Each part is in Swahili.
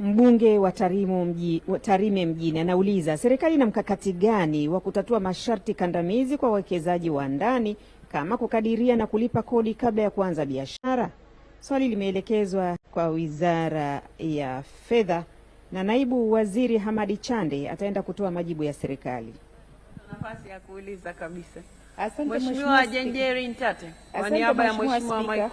Mbunge wa mji, Tarime mjini anauliza serikali ina mkakati gani wa kutatua masharti kandamizi kwa wawekezaji wa ndani kama kukadiria na kulipa kodi kabla ya kuanza biashara. Swali limeelekezwa kwa Wizara ya Fedha na Naibu Waziri Hamadi Chande ataenda kutoa majibu ya serikali. Nafasi ya kuuliza kabisa. Mheshimiwa Jenjeri Ntate kwa niaba ya Mheshimiwa Mike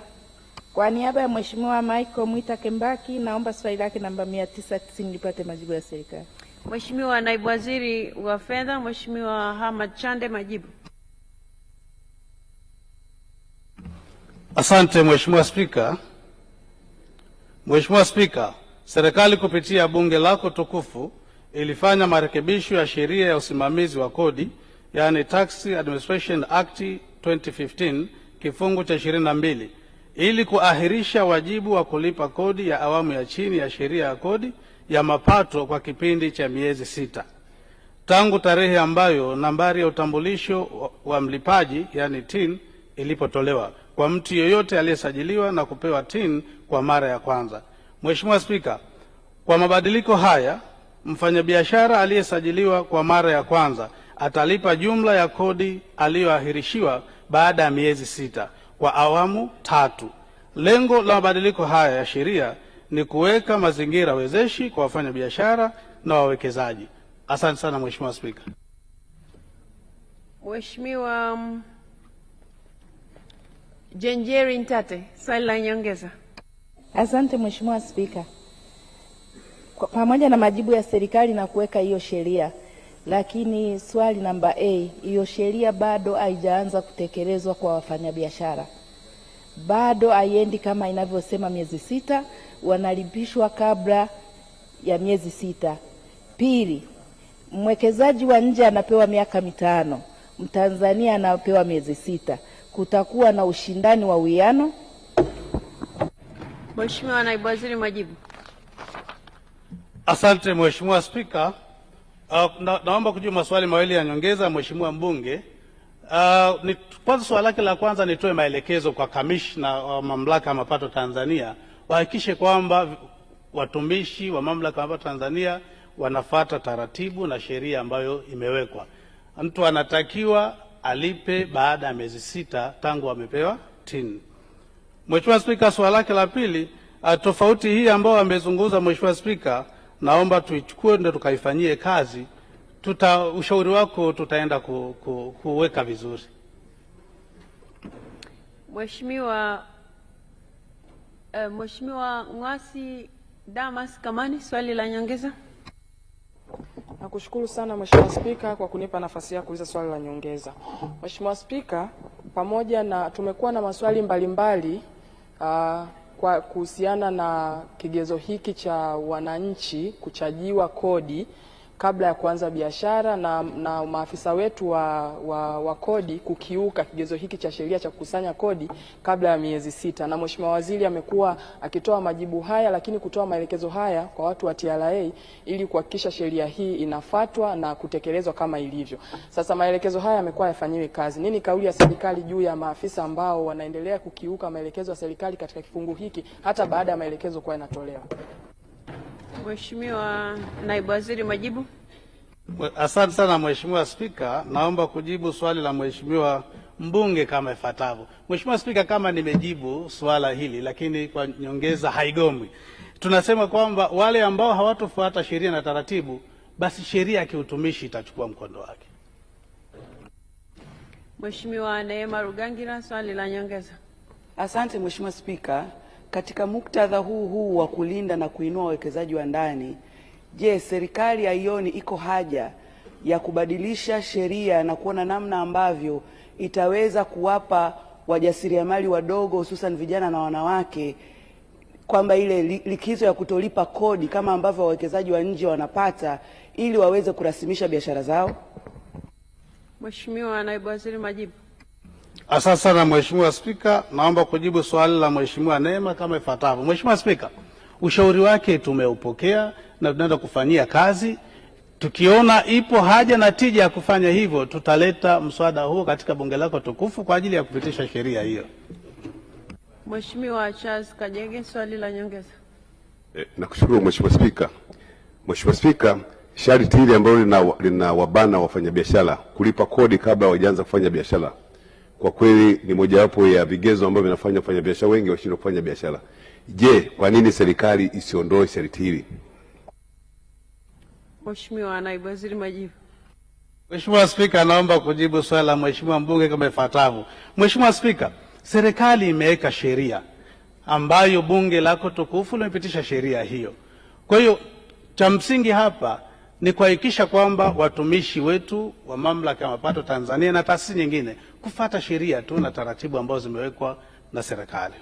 kwa niaba ya Mheshimiwa Michael Mwita Kembaki naomba swali lake namba 990 nipate majibu ya serikali. Mheshimiwa Naibu Waziri wa Fedha, Mheshimiwa Hamad Chande, majibu. Asante Mheshimiwa Spika. Mheshimiwa Spika, serikali kupitia bunge lako tukufu ilifanya marekebisho ya sheria ya usimamizi wa kodi yaani Tax Administration Act 2015 kifungu cha 22 ili kuahirisha wajibu wa kulipa kodi ya awamu ya chini ya sheria ya kodi ya mapato kwa kipindi cha miezi sita tangu tarehe ambayo nambari ya utambulisho wa mlipaji yani TIN ilipotolewa kwa mtu yeyote aliyesajiliwa na kupewa TIN kwa mara ya kwanza. Mheshimiwa Spika, kwa mabadiliko haya mfanyabiashara aliyesajiliwa kwa mara ya kwanza atalipa jumla ya kodi aliyoahirishiwa baada ya miezi sita kwa awamu tatu. Lengo la mabadiliko haya ya sheria ni kuweka mazingira wezeshi kwa wafanya biashara na wawekezaji. Asante sana Mheshimiwa Spika. Mheshimiwa um, Jenjeri Ntate, swali la nyongeza. Asante Mheshimiwa Spika, pamoja na majibu ya serikali na kuweka hiyo sheria lakini swali namba a, hiyo sheria bado haijaanza kutekelezwa kwa wafanyabiashara, bado haiendi kama inavyosema miezi sita, wanalipishwa kabla ya miezi sita. Pili, mwekezaji wa nje anapewa miaka mitano, mtanzania anapewa miezi sita. Kutakuwa na ushindani wa uwiano. Mheshimiwa Naibu Waziri, majibu. Asante Mheshimiwa Spika. Uh, na, naomba kujibu maswali mawili ya nyongeza mheshimiwa mbunge. Uh, ni, kwanza swali lake la kwanza nitoe maelekezo kwa kamishna wa mamlaka ya mapato Tanzania wahakikishe kwamba watumishi wa mamlaka ya mapato Tanzania wanafata taratibu na sheria ambayo imewekwa. Mtu anatakiwa alipe baada ya miezi sita tangu amepewa TIN. Mheshimiwa Spika, swali lake la pili, uh, tofauti hii ambayo amezungumza Mheshimiwa Spika naomba tuichukue ndio tukaifanyie kazi. Tuta ushauri wako tutaenda ku, ku, kuweka vizuri. Mheshimiwa eh, Mheshimiwa Ng'wasi Damas Kamani, swali la nyongeza. Nakushukuru sana Mheshimiwa Spika kwa kunipa nafasi ya kuuliza swali la nyongeza. Mheshimiwa Spika, pamoja na tumekuwa na maswali mbalimbali mbali, uh, kwa kuhusiana na kigezo hiki cha wananchi kuchajiwa kodi kabla ya kuanza biashara na, na maafisa wetu wa, wa, wa kodi kukiuka kigezo hiki cha sheria cha kukusanya kodi kabla ya miezi sita, na Mheshimiwa Waziri amekuwa akitoa majibu haya, lakini kutoa maelekezo haya kwa watu wa TRA ili kuhakikisha sheria hii inafatwa na kutekelezwa kama ilivyo. Sasa maelekezo haya yamekuwa yafanyiwe kazi. Nini kauli ya serikali juu ya maafisa ambao wanaendelea kukiuka maelekezo ya serikali katika kifungu hiki hata baada ya maelekezo kuwa yanatolewa? Mheshimiwa Naibu Waziri, majibu. Asante sana Mheshimiwa Spika, naomba kujibu swali la Mheshimiwa mbunge kama ifuatavyo. Mheshimiwa Spika, kama nimejibu swala hili, lakini kwa nyongeza haigomwi. Tunasema kwamba wale ambao hawatofuata sheria na taratibu, basi sheria ya kiutumishi itachukua mkondo wake. Mheshimiwa Neema Rugangira, swali la nyongeza. Asante Mheshimiwa Spika. Katika muktadha huu huu wa kulinda na kuinua wawekezaji wa ndani, je, serikali haioni iko haja ya kubadilisha sheria na kuona namna ambavyo itaweza kuwapa wajasiriamali wadogo hususan vijana na wanawake kwamba ile likizo ya kutolipa kodi kama ambavyo wawekezaji wa nje wanapata ili waweze kurasimisha biashara zao? Mheshimiwa Naibu Waziri, majibu. Asante sana Mheshimiwa Spika, naomba kujibu swali la Mheshimiwa Neema kama ifuatavyo. Mheshimiwa Spika, ushauri wake tumeupokea na tunaenda kufanyia kazi. Tukiona ipo haja na tija ya kufanya hivyo, tutaleta mswada huo katika bunge lako tukufu kwa ajili ya kupitisha sheria hiyo. Mheshimiwa Charles Kajenge, swali la nyongeza. E, nakushukuru Mheshimiwa Spika. Mheshimiwa Spika, sharti hili ambalo lina wabana wafanyabiashara kulipa kodi kabla hawajaanza kufanya biashara kwa kweli ni mojawapo ya vigezo ambavyo vinafanya biashara wengi washindwe kufanya biashara. Je, kwa nini serikali isiondoe sharti hili? Mheshimiwa Naibu Waziri, majibu. Mheshimiwa Spika, naomba kujibu swali la Mheshimiwa mbunge kama ifuatavyo. Mheshimiwa Spika, serikali imeweka sheria ambayo bunge lako tukufu limepitisha sheria hiyo. Kwa hiyo cha msingi hapa ni kuhakikisha kwamba watumishi wetu wa mamlaka ya mapato Tanzania na taasisi nyingine kufata sheria tu na taratibu ambazo zimewekwa na serikali.